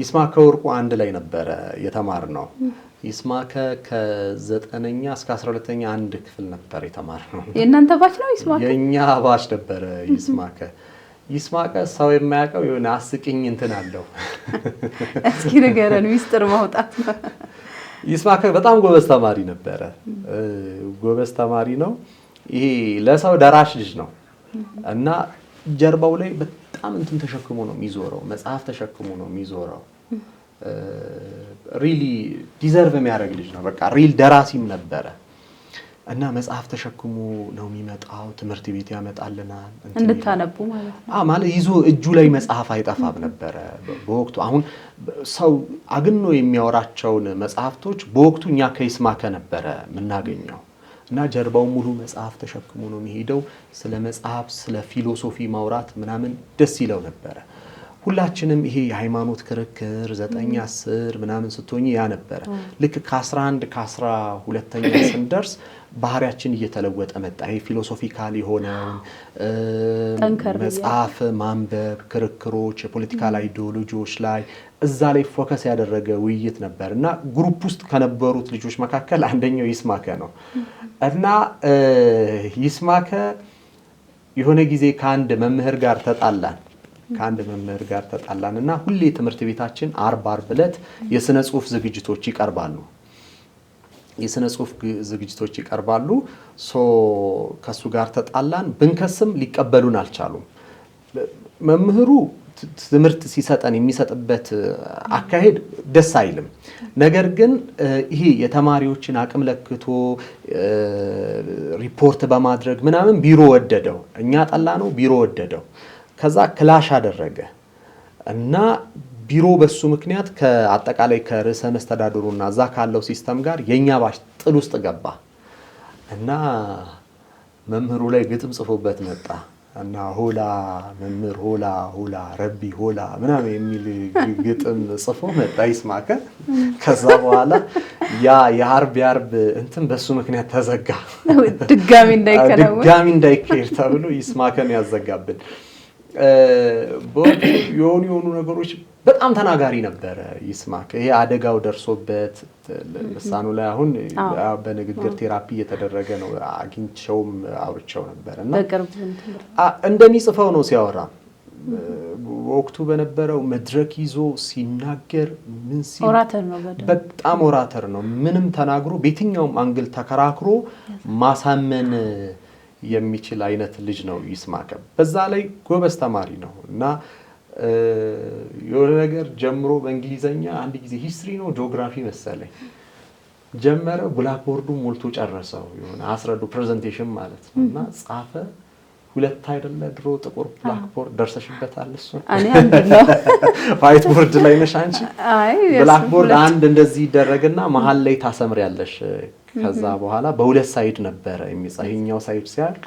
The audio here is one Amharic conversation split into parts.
ይስማከ ወርቁ አንድ ላይ ነበረ የተማር ነው። ይስማከ ከዘጠነኛ እስከ አስራ ሁለተኛ አንድ ክፍል ነበር የተማር ነው። የእናንተ ባች ነው ይስማከ? የእኛ ባች ነበረ ይስማከ። ይስማከ ሰው የማያውቀው የሆነ አስቂኝ እንትን አለው። እስኪ ንገረን፣ ሚስጥር ማውጣት ነው። ይስማከ በጣም ጎበዝ ተማሪ ነበረ። ጎበዝ ተማሪ ነው። ይሄ ለሰው ደራሽ ልጅ ነው እና ጀርባው ላይ በጣም እንትን ተሸክሞ ነው የሚዞረው፣ መጽሐፍ ተሸክሞ ነው የሚዞረው ሪሊ ዲዘርቭ የሚያደርግ ልጅ ነው። በቃ ሪል ደራሲም ነበረ እና መጽሐፍ ተሸክሞ ነው የሚመጣው። ትምህርት ቤት ያመጣልናል እንድታነቡ ማለት ይዞ እጁ ላይ መጽሐፍ አይጠፋም ነበረ በወቅቱ። አሁን ሰው አግኖ የሚያወራቸውን መጽሐፍቶች በወቅቱ እኛ ከይስማከ ነበረ የምናገኘው እና ጀርባው ሙሉ መጽሐፍ ተሸክሞ ነው የሚሄደው። ስለ መጽሐፍ፣ ስለ ፊሎሶፊ ማውራት ምናምን ደስ ይለው ነበረ። ሁላችንም ይሄ የሃይማኖት ክርክር ዘጠኝ አስር ምናምን ስትሆኝ ያ ነበረ። ልክ ከአስራ አንድ ከአስራ ሁለተኛ ስንደርስ ባህሪያችን እየተለወጠ መጣ። ይሄ ፊሎሶፊካል የሆነውን መጽሐፍ ማንበብ፣ ክርክሮች፣ የፖለቲካል አይዲዮሎጂዎች ላይ እዛ ላይ ፎከስ ያደረገ ውይይት ነበር እና ግሩፕ ውስጥ ከነበሩት ልጆች መካከል አንደኛው ይስማከ ነው እና ይስማከ የሆነ ጊዜ ከአንድ መምህር ጋር ተጣላን ከአንድ መምህር ጋር ተጣላን እና ሁሌ ትምህርት ቤታችን አርብ አርብ ዕለት የስነ ጽሁፍ ዝግጅቶች ይቀርባሉ የስነ ጽሁፍ ዝግጅቶች ይቀርባሉ። ሶ ከእሱ ጋር ተጣላን። ብንከስም ሊቀበሉን አልቻሉም። መምህሩ ትምህርት ሲሰጠን የሚሰጥበት አካሄድ ደስ አይልም። ነገር ግን ይሄ የተማሪዎችን አቅም ለክቶ ሪፖርት በማድረግ ምናምን ቢሮ ወደደው፣ እኛ ጠላ ነው፣ ቢሮ ወደደው። ከዛ ክላሽ አደረገ እና ቢሮ በሱ ምክንያት ከአጠቃላይ ከርዕሰ መስተዳድሩና እዛ ካለው ሲስተም ጋር የእኛ ባሽ ጥል ውስጥ ገባ እና መምህሩ ላይ ግጥም ጽፎበት መጣ እና ሆላ መምህር ሆላ ሆላ ረቢ ሆላ ምናምን የሚል ግጥም ጽፎ መጣ ይስማከ። ከዛ በኋላ ያ የአርብ የአርብ እንትን በሱ ምክንያት ተዘጋ፣ ድጋሚ እንዳይካሄድ ተብሎ ይስማከን ያዘጋብን። የሆኑ የሆኑ ነገሮች በጣም ተናጋሪ ነበረ። ይስማክ ይሄ አደጋው ደርሶበት ልሳኑ ላይ አሁን በንግግር ቴራፒ እየተደረገ ነው። አግኝቸውም አውርቸው ነበር እና እንደሚጽፈው ነው ሲያወራ ወቅቱ በነበረው መድረክ ይዞ ሲናገር ምን በጣም ኦራተር ነው። ምንም ተናግሮ በየትኛውም አንግል ተከራክሮ ማሳመን የሚችል አይነት ልጅ ነው ይስማከ። በዛ ላይ ጎበዝ ተማሪ ነው እና የሆነ ነገር ጀምሮ በእንግሊዘኛ አንድ ጊዜ ሂስትሪ ነው ጂኦግራፊ መሰለኝ ጀመረ፣ ብላክቦርዱ ሞልቶ ጨረሰው። የሆነ አስረዱ ፕሬዘንቴሽን ማለት ነው እና ጻፈ። ሁለት አይደለ ድሮ ጥቁር ብላክቦርድ ደርሰሽበታል። እሱ ዋይት ቦርድ ላይ ነሽ አንቺ። ብላክቦርድ አንድ እንደዚህ ይደረግና መሀል ላይ ታሰምሪያለሽ። ከዛ በኋላ በሁለት ሳይድ ነበረ የሚጻፍ ይኸኛው ሳይድ ሲያልቅ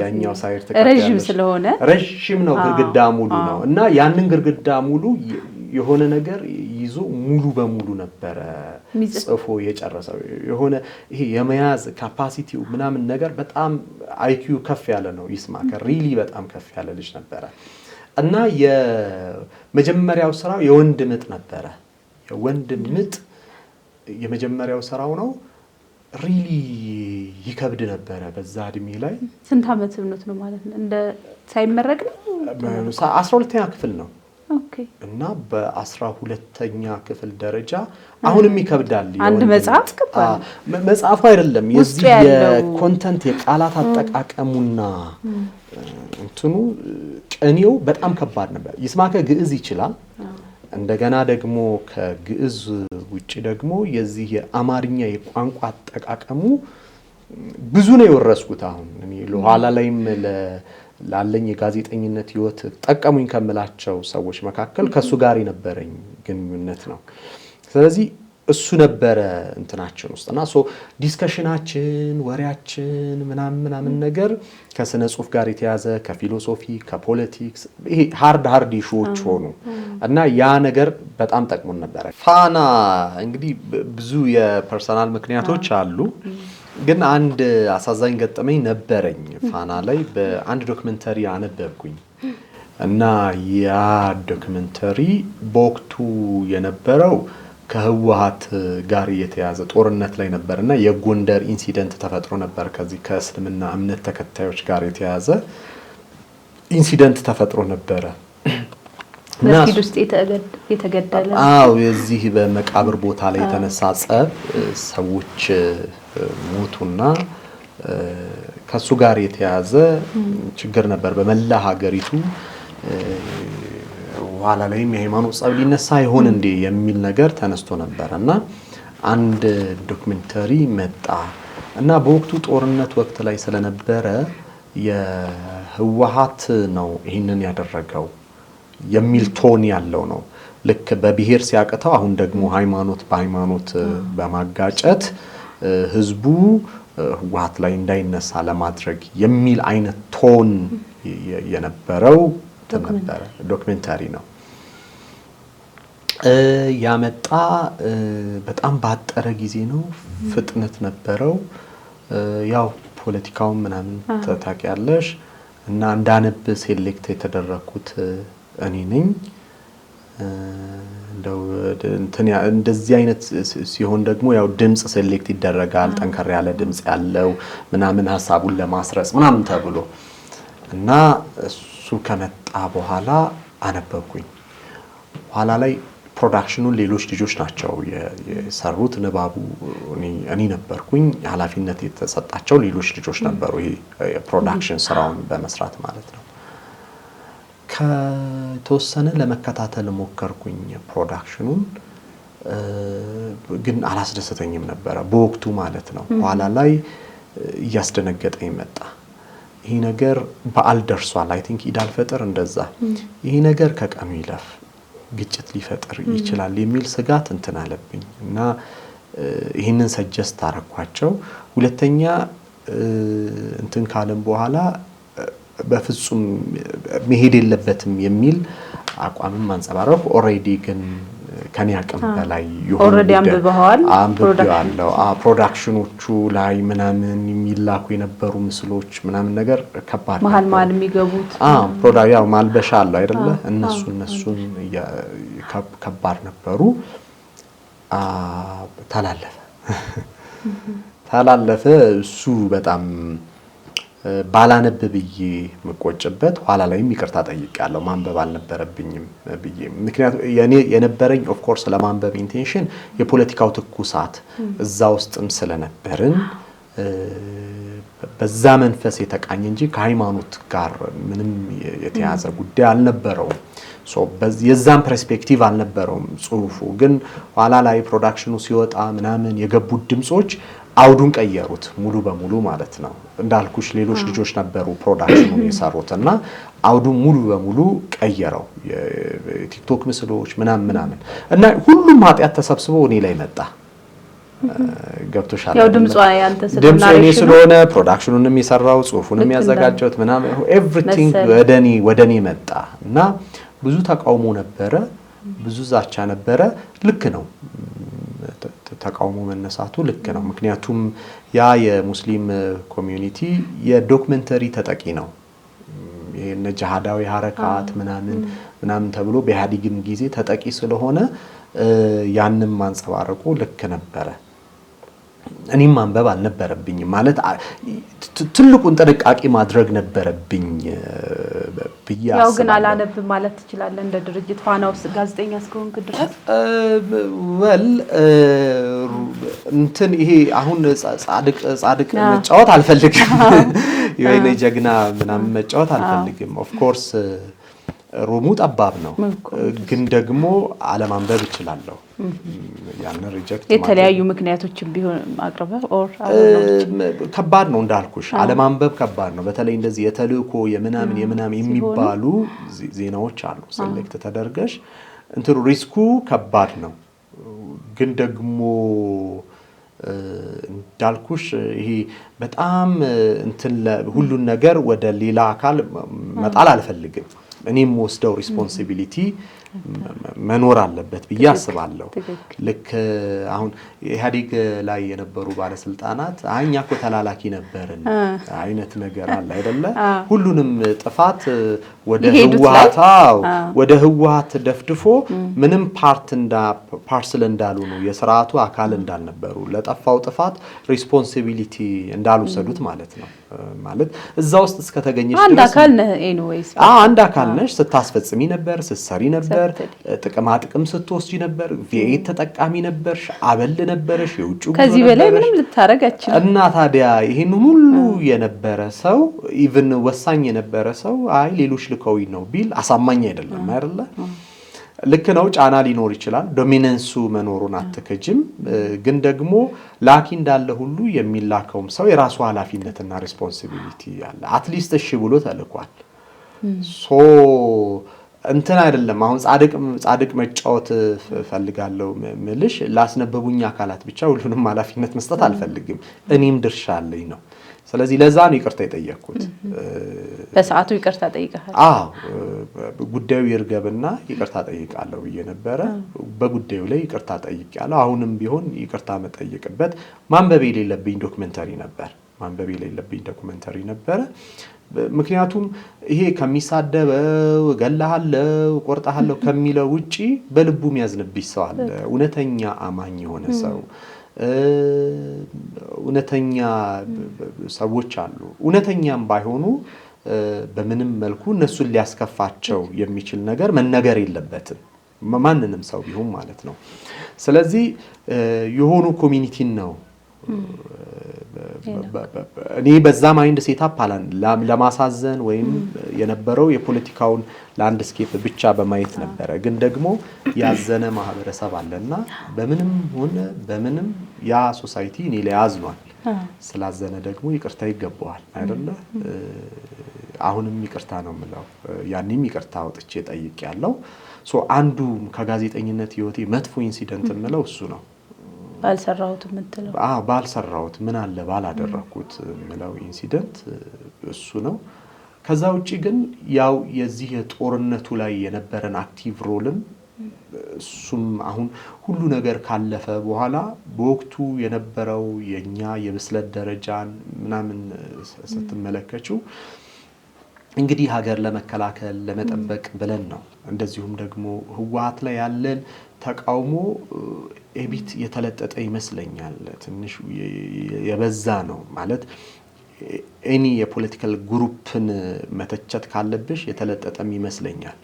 ያኛው ሳይድ ረዥም ስለሆነ ረዥም ነው፣ ግድግዳ ሙሉ ነው እና ያንን ግድግዳ ሙሉ የሆነ ነገር ይዞ ሙሉ በሙሉ ነበረ ጽፎ የጨረሰው። የሆነ ይሄ የመያዝ ካፓሲቲው ምናምን ነገር በጣም አይኪዩ ከፍ ያለ ነው። ይስማከ ሪሊ በጣም ከፍ ያለ ልጅ ነበረ እና የመጀመሪያው ስራው የወንድ ምጥ ነበረ። የወንድ ምጥ የመጀመሪያው ስራው ነው። ሪሊ ይከብድ ነበረ በዛ እድሜ ላይ። ስንት ዓመት እምነት ነው ማለት ነው? እንደ ሳይመረቅ ነው አስራ ሁለተኛ ክፍል ነው እና በአስራ ሁለተኛ ክፍል ደረጃ አሁንም ይከብዳል። አንድ መጽሐፍ መጽሐፉ አይደለም የዚህ የኮንተንት የቃላት አጠቃቀሙና እንትኑ ቅኔው በጣም ከባድ ነበር። ይስማከ ግዕዝ ይችላል። እንደገና ደግሞ ከግዕዝ ውጭ ደግሞ የዚህ የአማርኛ የቋንቋ አጠቃቀሙ ብዙ ነው የወረስኩት። አሁን እኔ ላይም ላለኝ የጋዜጠኝነት ህይወት ጠቀሙኝ ከምላቸው ሰዎች መካከል ከእሱ ጋር የነበረኝ ግንኙነት ነው። ስለዚህ እሱ ነበረ እንትናችን ውስጥ እና ዲስከሽናችን ወሬያችን ምናምን ምናምን ነገር ከስነ ጽሁፍ ጋር የተያዘ ከፊሎሶፊ ከፖለቲክስ ይሄ ሀርድ ሀርድ ኢሹዎች ሆኑ እና ያ ነገር በጣም ጠቅሞን ነበረ። ፋና እንግዲህ ብዙ የፐርሰናል ምክንያቶች አሉ ግን አንድ አሳዛኝ ገጠመኝ ነበረኝ። ፋና ላይ በአንድ ዶክመንተሪ አነበብኩኝ እና ያ ዶክመንተሪ በወቅቱ የነበረው ከህወሀት ጋር የተያዘ ጦርነት ላይ ነበር እና የጎንደር ኢንሲደንት ተፈጥሮ ነበር። ከዚህ ከእስልምና እምነት ተከታዮች ጋር የተያዘ ኢንሲደንት ተፈጥሮ ነበረ። መስጊድ ውስጥ የተገደለ አዎ፣ የዚህ በመቃብር ቦታ ላይ የተነሳ ጸብ ሰዎች ሞቱና ከሱ ጋር የተያዘ ችግር ነበር በመላ ሀገሪቱ። በኋላ ላይም የሃይማኖት ጸብ ሊነሳ ይሆን እንዴ የሚል ነገር ተነስቶ ነበር እና አንድ ዶክመንተሪ መጣ እና በወቅቱ ጦርነት ወቅት ላይ ስለነበረ የህወሀት ነው ይህንን ያደረገው የሚል ቶን ያለው ነው። ልክ በብሔር ሲያቅተው አሁን ደግሞ ሃይማኖት በሃይማኖት በማጋጨት ህዝቡ ህወሓት ላይ እንዳይነሳ ለማድረግ የሚል አይነት ቶን የነበረው ነበረ። ነው ያመጣ። በጣም ባጠረ ጊዜ ነው፣ ፍጥነት ነበረው። ያው ፖለቲካውን ምናምን ታውቂያለሽ እና እንዳነብ ሴሌክት የተደረግኩት እኔ ነኝ። እንደዚህ አይነት ሲሆን ደግሞ ያው ድምፅ ሴሌክት ይደረጋል። ጠንከር ያለ ድምፅ ያለው ምናምን ሀሳቡን ለማስረጽ ምናምን ተብሎ እና እሱ ከመጣ በኋላ አነበብኩኝ። ኋላ ላይ ፕሮዳክሽኑን ሌሎች ልጆች ናቸው የሰሩት። ንባቡ እኔ ነበርኩኝ። ኃላፊነት የተሰጣቸው ሌሎች ልጆች ነበሩ፣ ይሄ የፕሮዳክሽን ስራውን በመስራት ማለት ነው። ከተወሰነ ለመከታተል ሞከርኩኝ ፕሮዳክሽኑን ግን አላስደሰተኝም ነበረ በወቅቱ ማለት ነው። በኋላ ላይ እያስደነገጠኝ መጣ። ይህ ነገር በዓል ደርሷል። አይ ቲንክ ኢድ አልፈጥር እንደዛ ይህ ነገር ከቀኑ ይለፍ ግጭት ሊፈጥር ይችላል የሚል ስጋት እንትን አለብኝ እና ይህንን ሰጀስት አረኳቸው። ሁለተኛ እንትን ካለም በኋላ በፍጹም መሄድ የለበትም የሚል አቋምም አንጸባረቅ። ኦልሬዲ ግን ከኔ አቅም በላይ አንብበዋል። ፕሮዳክሽኖቹ ላይ ምናምን የሚላኩ የነበሩ ምስሎች ምናምን ነገር ከባድ መሀል መሀል የሚገቡት ያው ማልበሻ አለው አይደለ? እነሱ እነሱን ከባድ ነበሩ። ተላለፈ ተላለፈ እሱ በጣም ባላነብ ብዬ የምቆጭበት ኋላ ላይም ይቅርታ ጠይቄያለሁ፣ ማንበብ አልነበረብኝም ብዬ። ምክንያቱም የነበረኝ ኦፍኮርስ ለማንበብ ኢንቴንሽን የፖለቲካው ትኩሳት እዛ ውስጥም ስለነበርን በዛ መንፈስ የተቃኘ እንጂ ከሃይማኖት ጋር ምንም የተያዘ ጉዳይ አልነበረውም። የዛን ፐርስፔክቲቭ አልነበረውም ጽሁፉ። ግን ኋላ ላይ ፕሮዳክሽኑ ሲወጣ ምናምን የገቡት ድምፆች አውዱን ቀየሩት ሙሉ በሙሉ ማለት ነው። እንዳልኩሽ ሌሎች ልጆች ነበሩ ፕሮዳክሽኑን የሰሩት እና አውዱን ሙሉ በሙሉ ቀየረው። የቲክቶክ ምስሎች ምናምን ምናምን እና ሁሉም ኃጢአት ተሰብስቦ እኔ ላይ መጣ። ገብቶሻል? ድምፁ እኔ ስለሆነ ፕሮዳክሽኑን የሚሰራው ጽሁፉን ያዘጋጀሁት ምናምን ኤቭሪቲንግ ወደ እኔ መጣ እና ብዙ ተቃውሞ ነበረ፣ ብዙ ዛቻ ነበረ። ልክ ነው፣ ተቃውሞ መነሳቱ ልክ ነው። ምክንያቱም ያ የሙስሊም ኮሚዩኒቲ የዶክመንተሪ ተጠቂ ነው። ይሄን ጅሃዳዊ ሀረካት ምናምን ምናምን ተብሎ በኢህአዴግም ጊዜ ተጠቂ ስለሆነ ያንም ማንጸባረቁ ልክ ነበረ። እኔም ማንበብ አልነበረብኝ ማለት ትልቁን ጥንቃቄ ማድረግ ነበረብኝ ብያ ያው ግን አላነብ ማለት ትችላለ እንደ ድርጅት ፋና ውስጥ ጋዜጠኛ እስከሆንክ ድረስ ወል እንትን ይሄ አሁን ጻድቅ ጻድቅ መጫወት አልፈልግም፣ የወይኔ ጀግና ምናምን መጫወት አልፈልግም ኦፍኮርስ ሩሙ ጠባብ ነው፣ ግን ደግሞ አለማንበብ እችላለሁ። ያን ሪጀክት የተለያዩ ምክንያቶችን ቢሆን ማቅረብ ከባድ ነው እንዳልኩሽ፣ አለማንበብ ከባድ ነው። በተለይ እንደዚህ የተልእኮ የምናምን የምናምን የሚባሉ ዜናዎች አሉ። ሴሌክት ተደርገሽ እንትኑ ሪስኩ ከባድ ነው፣ ግን ደግሞ እንዳልኩሽ ይሄ በጣም እንትን ሁሉን ነገር ወደ ሌላ አካል መጣል አልፈልግም። እኔም ወስደው ሪስፖንሲቢሊቲ መኖር አለበት ብዬ አስባለሁ። ልክ አሁን ኢህአዴግ ላይ የነበሩ ባለስልጣናት አይ እኛ እኮ ተላላኪ ነበርን አይነት ነገር አለ አይደለ? ሁሉንም ጥፋት ወደ ህወሓት ወደ ህወሓት ደፍድፎ ምንም ፓርት እንዳ ፓርስል እንዳሉ ነው የስርዓቱ አካል እንዳልነበሩ ለጠፋው ጥፋት ሪስፖንሲቢሊቲ እንዳልወሰዱት ማለት ነው። ማለት እዛ ውስጥ እስከተገኘሽ አንድ አካል ነሽ፣ ስታስፈጽሚ ነበር፣ ስትሰሪ ነበር ነበር፣ ጥቅማ ጥቅም ስትወስጂ ነበር፣ ቪኤት ተጠቃሚ ነበርሽ፣ አበል ነበረሽ፣ የውጭ ከዚህ በላይ ምንም አችልም። እና ታዲያ ይህን ሁሉ የነበረ ሰው ኢቭን ወሳኝ የነበረ ሰው አይ ሌሎች ልከውኝ ነው ቢል አሳማኝ አይደለም አይደለ? ልክ ነው። ጫና ሊኖር ይችላል። ዶሚነንሱ መኖሩን አትክጅም። ግን ደግሞ ላኪ እንዳለ ሁሉ የሚላከውም ሰው የራሱ ኃላፊነትና ሪስፖንሲቢሊቲ አለ። አትሊስት እሺ ብሎ ተልኳል ሶ እንትን አይደለም። አሁን ጻድቅ ጻድቅ መጫወት ፈልጋለሁ ምልሽ ላስነበቡኝ አካላት ብቻ ሁሉንም ኃላፊነት መስጠት አልፈልግም። እኔም ድርሻ አለኝ ነው። ስለዚህ ለዛ ነው ይቅርታ የጠየቅኩት። በሰዓቱ ይቅርታ ጠይቀሃል? አዎ፣ ጉዳዩ ይርገብና ይቅርታ ጠይቃለሁ ብዬ ነበረ። በጉዳዩ ላይ ይቅርታ ጠይቄያለሁ። አሁንም ቢሆን ይቅርታ መጠየቅበት ማንበብ የሌለብኝ ዶክመንተሪ ነበር ማንበብ የሌለብኝ ዶክመንተሪ ነበረ። ምክንያቱም ይሄ ከሚሳደበው እገላሃለው ቆርጣሃለው ከሚለው ውጪ በልቡ የሚያዝንብሽ ሰው አለ። እውነተኛ አማኝ የሆነ ሰው እውነተኛ ሰዎች አሉ። እውነተኛም ባይሆኑ በምንም መልኩ እነሱን ሊያስከፋቸው የሚችል ነገር መነገር የለበትም ማንንም ሰው ቢሆን ማለት ነው። ስለዚህ የሆኑ ኮሚኒቲን ነው እኔ በዛ ማይንድ ሴታፕ አላን ለማሳዘን ወይም የነበረው የፖለቲካውን ላንድስኬፕ ብቻ በማየት ነበረ። ግን ደግሞ ያዘነ ማህበረሰብ አለና በምንም ሆነ በምንም ያ ሶሳይቲ እኔ ላይ አዝኗል። ስላዘነ ደግሞ ይቅርታ ይገባዋል አይደለ? አሁንም ይቅርታ ነው የምለው። ያኔም ይቅርታ አውጥቼ ጠይቅ ያለው አንዱ ከጋዜጠኝነት ህይወቴ መጥፎ ኢንሲደንት የምለው እሱ ነው። ባልሰራሁት የምትለው ባልሰራሁት ምን አለ ባላደረግኩት ምለው ኢንሲደንት እሱ ነው። ከዛ ውጭ ግን ያው የዚህ የጦርነቱ ላይ የነበረን አክቲቭ ሮልም እሱም አሁን ሁሉ ነገር ካለፈ በኋላ በወቅቱ የነበረው የእኛ የብስለት ደረጃን ምናምን ስትመለከችው እንግዲህ ሀገር ለመከላከል ለመጠበቅ ብለን ነው። እንደዚሁም ደግሞ ህወሀት ላይ ያለን ተቃውሞ ኤቢት የተለጠጠ ይመስለኛል። ትንሽ የበዛ ነው ማለት ኤኒ የፖለቲካል ግሩፕን መተቸት ካለብሽ የተለጠጠም ይመስለኛል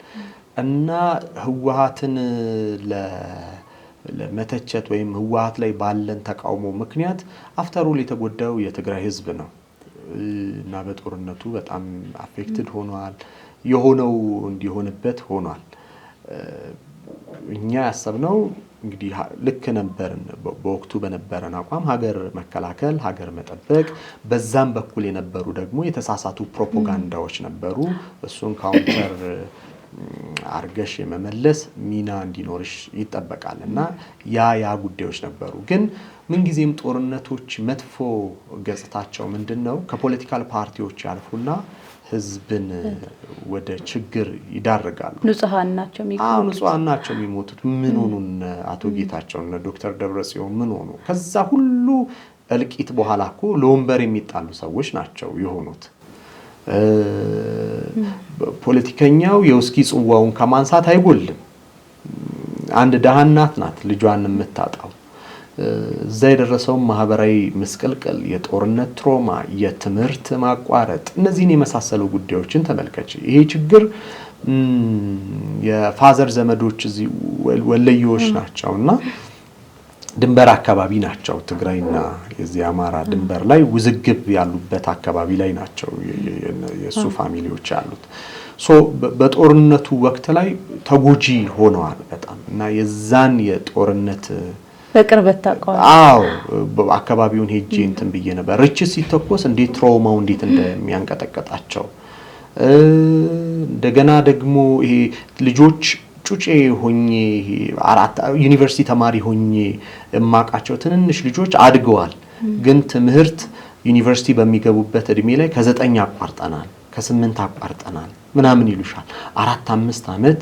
እና ህወሀትን ለመተቸት ወይም ህወሀት ላይ ባለን ተቃውሞ ምክንያት አፍተሩል የተጎዳው የትግራይ ህዝብ ነው። እና በጦርነቱ በጣም አፌክትድ ሆኗል። የሆነው እንዲሆንበት ሆኗል። እኛ ያሰብነው እንግዲህ ልክ ነበርን። በወቅቱ በነበረን አቋም ሀገር መከላከል፣ ሀገር መጠበቅ፣ በዛም በኩል የነበሩ ደግሞ የተሳሳቱ ፕሮፓጋንዳዎች ነበሩ። እሱን ካውንተር አርገሽ የመመለስ ሚና እንዲኖርሽ ይጠበቃል። እና ያ ያ ጉዳዮች ነበሩ። ግን ምንጊዜም ጦርነቶች መጥፎ ገጽታቸው ምንድን ነው? ከፖለቲካል ፓርቲዎች ያልፉና ህዝብን ወደ ችግር ይዳርጋሉ። ንጹሐን ናቸው የሚሞቱት። ምን ሆኑን አቶ ጌታቸው ዶክተር ደብረጽዮን ምን ሆኑ? ከዛ ሁሉ እልቂት በኋላ እኮ ለወንበር የሚጣሉ ሰዎች ናቸው የሆኑት። ፖለቲከኛው የውስኪ ጽዋውን ከማንሳት አይጎልም። አንድ ድሃ እናት ናት ልጇን የምታጣው። እዛ የደረሰውን ማህበራዊ ምስቅልቅል፣ የጦርነት ትሮማ፣ የትምህርት ማቋረጥ፣ እነዚህን የመሳሰሉ ጉዳዮችን ተመልከች። ይሄ ችግር የፋዘር ዘመዶች እዚህ ወለዮች ናቸው እና ድንበር አካባቢ ናቸው። ትግራይና የዚህ አማራ ድንበር ላይ ውዝግብ ያሉበት አካባቢ ላይ ናቸው የእሱ ፋሚሊዎች ያሉት። ሶ በጦርነቱ ወቅት ላይ ተጎጂ ሆነዋል በጣም እና የዛን የጦርነት በቅርበት ታውቀዋለህ? አዎ አካባቢውን ሄጄ እንትን ብዬ ነበር። ርችት ሲተኮስ እንዴት ትራውማው እንዴት እንደሚያንቀጠቀጣቸው እንደገና ደግሞ ይሄ ልጆች ጩጬ ሆኜ ዩኒቨርሲቲ ተማሪ ሆኜ የማውቃቸው ትንንሽ ልጆች አድገዋል፣ ግን ትምህርት ዩኒቨርሲቲ በሚገቡበት እድሜ ላይ ከዘጠኝ አቋርጠናል፣ ከስምንት አቋርጠናል ምናምን ይሉሻል። አራት አምስት ዓመት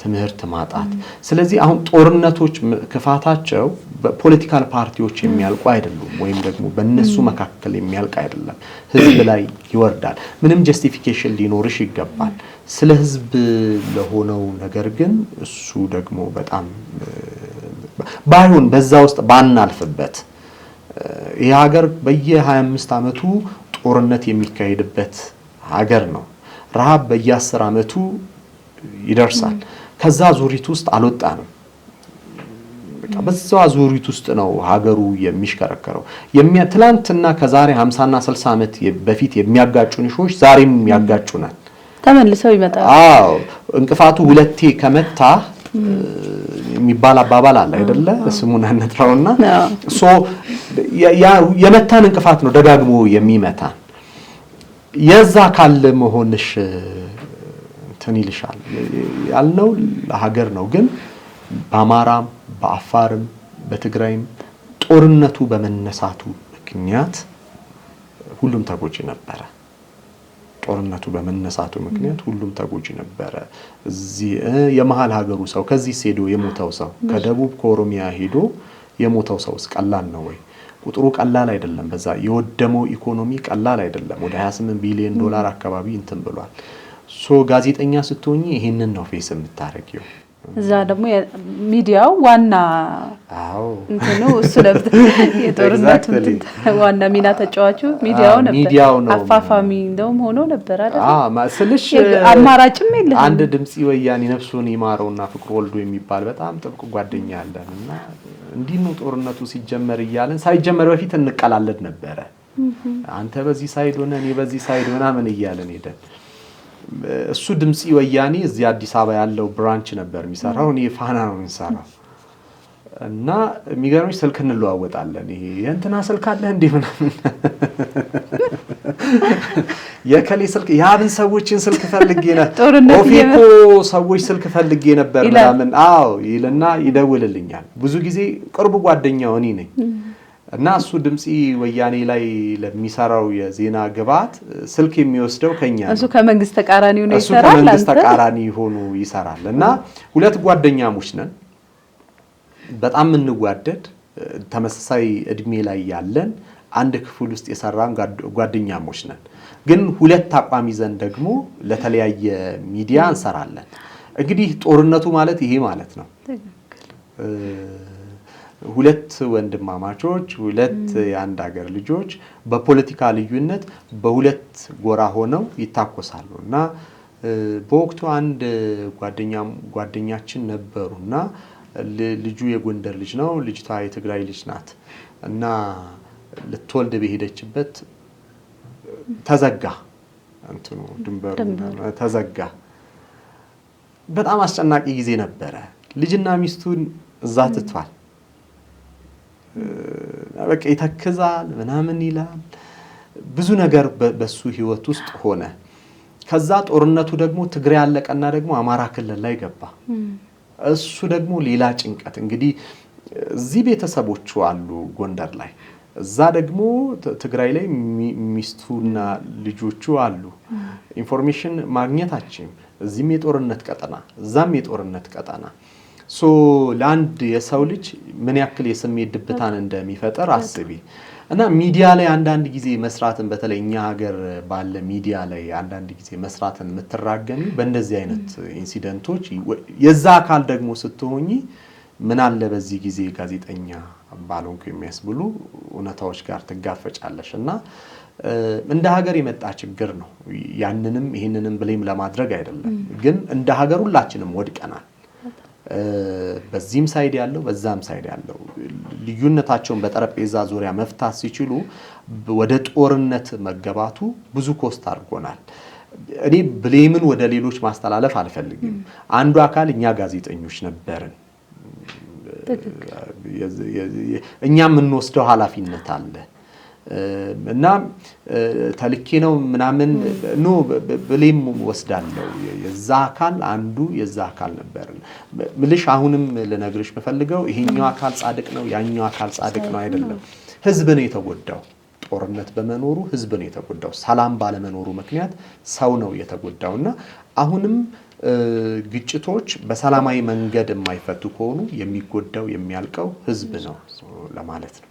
ትምህርት ማጣት። ስለዚህ አሁን ጦርነቶች ክፋታቸው በፖለቲካል ፓርቲዎች የሚያልቁ አይደሉም፣ ወይም ደግሞ በእነሱ መካከል የሚያልቅ አይደለም። ህዝብ ላይ ይወርዳል። ምንም ጀስቲፊኬሽን ሊኖርሽ ይገባል ስለ ህዝብ ለሆነው ነገር። ግን እሱ ደግሞ በጣም ባይሆን በዛ ውስጥ ባናልፍበት ይህ ሀገር በየ25 ዓመቱ ጦርነት የሚካሄድበት ሀገር ነው። ረሃብ በየ10 ዓመቱ ይደርሳል። ከዛ ዙሪት ውስጥ አልወጣንም። በዛ ዙሪት ውስጥ ነው ሀገሩ የሚሽከረከረው። ትላንትና ከዛሬ 50ና 60 ዓመት በፊት የሚያጋጩን እሾች ዛሬም ያጋጩናል። ተመልሰው ይመጣል። እንቅፋቱ ሁለቴ ከመታ የሚባል አባባል አለ አይደለ? ስሙን አነጥራውና ሶ የመታን እንቅፋት ነው ደጋግሞ የሚመታን። የዛ አካል መሆንሽ እንትን ይልሻል ያለው ለሀገር ነው። ግን በአማራም በአፋርም በትግራይም ጦርነቱ በመነሳቱ ምክንያት ሁሉም ተጎጂ ነበረ። ጦርነቱ በመነሳቱ ምክንያት ሁሉም ተጎጂ ነበረ። እዚህ የመሀል ሀገሩ ሰው ከዚህ ሄዶ የሞተው ሰው ከደቡብ ከኦሮሚያ ሄዶ የሞተው ሰውስ ቀላል ነው ወይ? ቁጥሩ ቀላል አይደለም። በዛ የወደመው ኢኮኖሚ ቀላል አይደለም። ወደ 28 ቢሊዮን ዶላር አካባቢ እንትን ብሏል። ሶ ጋዜጠኛ ስትሆኝ ይሄንን ነው ፌስ የምታደርጊው። እዛ ደግሞ ሚዲያው ዋና እንትኑ እሱ ነበር። የጦርነት ዋና ሚና ተጫዋቹ ሚዲያው ነበር። አፋፋሚ እንደውም ሆኖ ነበር ስልሽ አማራጭም የለም። አንድ ድምፂ ወያኔ ነፍሱን ይማረውና ፍቅሩ ወልዶ የሚባል በጣም ጥብቅ ጓደኛ አለን እና እንዲህ ነው ጦርነቱ ሲጀመር እያለን ሳይጀመር በፊት እንቀላለድ ነበረ። አንተ በዚህ ሳይድ ሆነ እኔ በዚህ ሳይድ ሆና ምን እያለን ሄደን እሱ ድምፂ ወያኔ እዚህ አዲስ አበባ ያለው ብራንች ነበር የሚሰራው። እኔ ፋና ነው የሚሰራው እና የሚገርምሽ ስልክ እንለዋወጣለን። ይሄ የእንትና ስልክ አለ እንዴ ምናምን የከሌ ስልክ የአብን ሰዎችን ስልክ ፈልጌ ኦፌኮ ሰዎች ስልክ ፈልጌ ነበር ምናምን አዎ ይልና ይደውልልኛል። ብዙ ጊዜ ቅርቡ ጓደኛው እኔ ነኝ እና እሱ ድምፂ ወያኔ ላይ ለሚሰራው የዜና ግብዓት ስልክ የሚወስደው ከኛ እሱ ከመንግስት ተቃራኒ ሆኖ ይሰራል። ከመንግስት ተቃራኒ ሆኖ ይሰራል። እና ሁለት ጓደኛሞች ነን፣ በጣም የምንዋደድ ተመሳሳይ እድሜ ላይ ያለን አንድ ክፍል ውስጥ የሰራን ጓደኛሞች ነን። ግን ሁለት አቋም ይዘን ደግሞ ለተለያየ ሚዲያ እንሰራለን። እንግዲህ ጦርነቱ ማለት ይሄ ማለት ነው። ሁለት ወንድማማቾች ሁለት የአንድ ሀገር ልጆች በፖለቲካ ልዩነት በሁለት ጎራ ሆነው ይታኮሳሉ እና በወቅቱ አንድ ጓደኛችን ነበሩ እና ልጁ የጎንደር ልጅ ነው፣ ልጅቷ የትግራይ ልጅ ናት እና ልትወልድ በሄደችበት ተዘጋ፣ እንትኑ ድንበሩ ተዘጋ። በጣም አስጨናቂ ጊዜ ነበረ። ልጅና ሚስቱን እዛ ትቷል። በቃ ይተክዛል ምናምን ይላል። ብዙ ነገር በሱ ህይወት ውስጥ ሆነ። ከዛ ጦርነቱ ደግሞ ትግራይ ያለቀና ደግሞ አማራ ክልል ላይ ገባ። እሱ ደግሞ ሌላ ጭንቀት እንግዲህ እዚህ ቤተሰቦቹ አሉ ጎንደር ላይ፣ እዛ ደግሞ ትግራይ ላይ ሚስቱና ልጆቹ አሉ። ኢንፎርሜሽን ማግኘታችን እዚህም የጦርነት ቀጠና እዛም የጦርነት ቀጠና ሶ ለአንድ የሰው ልጅ ምን ያክል የስሜት ድብታን እንደሚፈጠር አስቢ። እና ሚዲያ ላይ አንዳንድ ጊዜ መስራትን በተለይ እኛ ሀገር ባለ ሚዲያ ላይ አንዳንድ ጊዜ መስራትን የምትራገሚ በእንደዚህ አይነት ኢንሲደንቶች የዛ አካል ደግሞ ስትሆኚ ምን አለ በዚህ ጊዜ ጋዜጠኛ ባልሆንኩ የሚያስብሉ እውነታዎች ጋር ትጋፈጫለሽ እና እንደ ሀገር የመጣ ችግር ነው። ያንንም ይህንንም ብሌም ለማድረግ አይደለም፣ ግን እንደ ሀገር ሁላችንም ወድቀናል። በዚህም ሳይድ ያለው በዛም ሳይድ ያለው ልዩነታቸውን በጠረጴዛ ዙሪያ መፍታት ሲችሉ ወደ ጦርነት መገባቱ ብዙ ኮስት አድርጎናል። እኔ ብሌምን ወደ ሌሎች ማስተላለፍ አልፈልግም። አንዱ አካል እኛ ጋዜጠኞች ነበርን። እኛ የምንወስደው ኃላፊነት አለ። እና ተልኬ ነው ምናምን ኖ ብሌም ወስዳለው። የዛ አካል አንዱ የዛ አካል ነበር ምልሽ። አሁንም ልነግርሽ የምፈልገው ይሄኛው አካል ጻድቅ ነው፣ ያኛው አካል ጻድቅ ነው አይደለም። ህዝብ ነው የተጎዳው። ጦርነት በመኖሩ ህዝብ ነው የተጎዳው። ሰላም ባለመኖሩ ምክንያት ሰው ነው የተጎዳው እና አሁንም ግጭቶች በሰላማዊ መንገድ የማይፈቱ ከሆኑ የሚጎዳው የሚያልቀው ህዝብ ነው ለማለት ነው።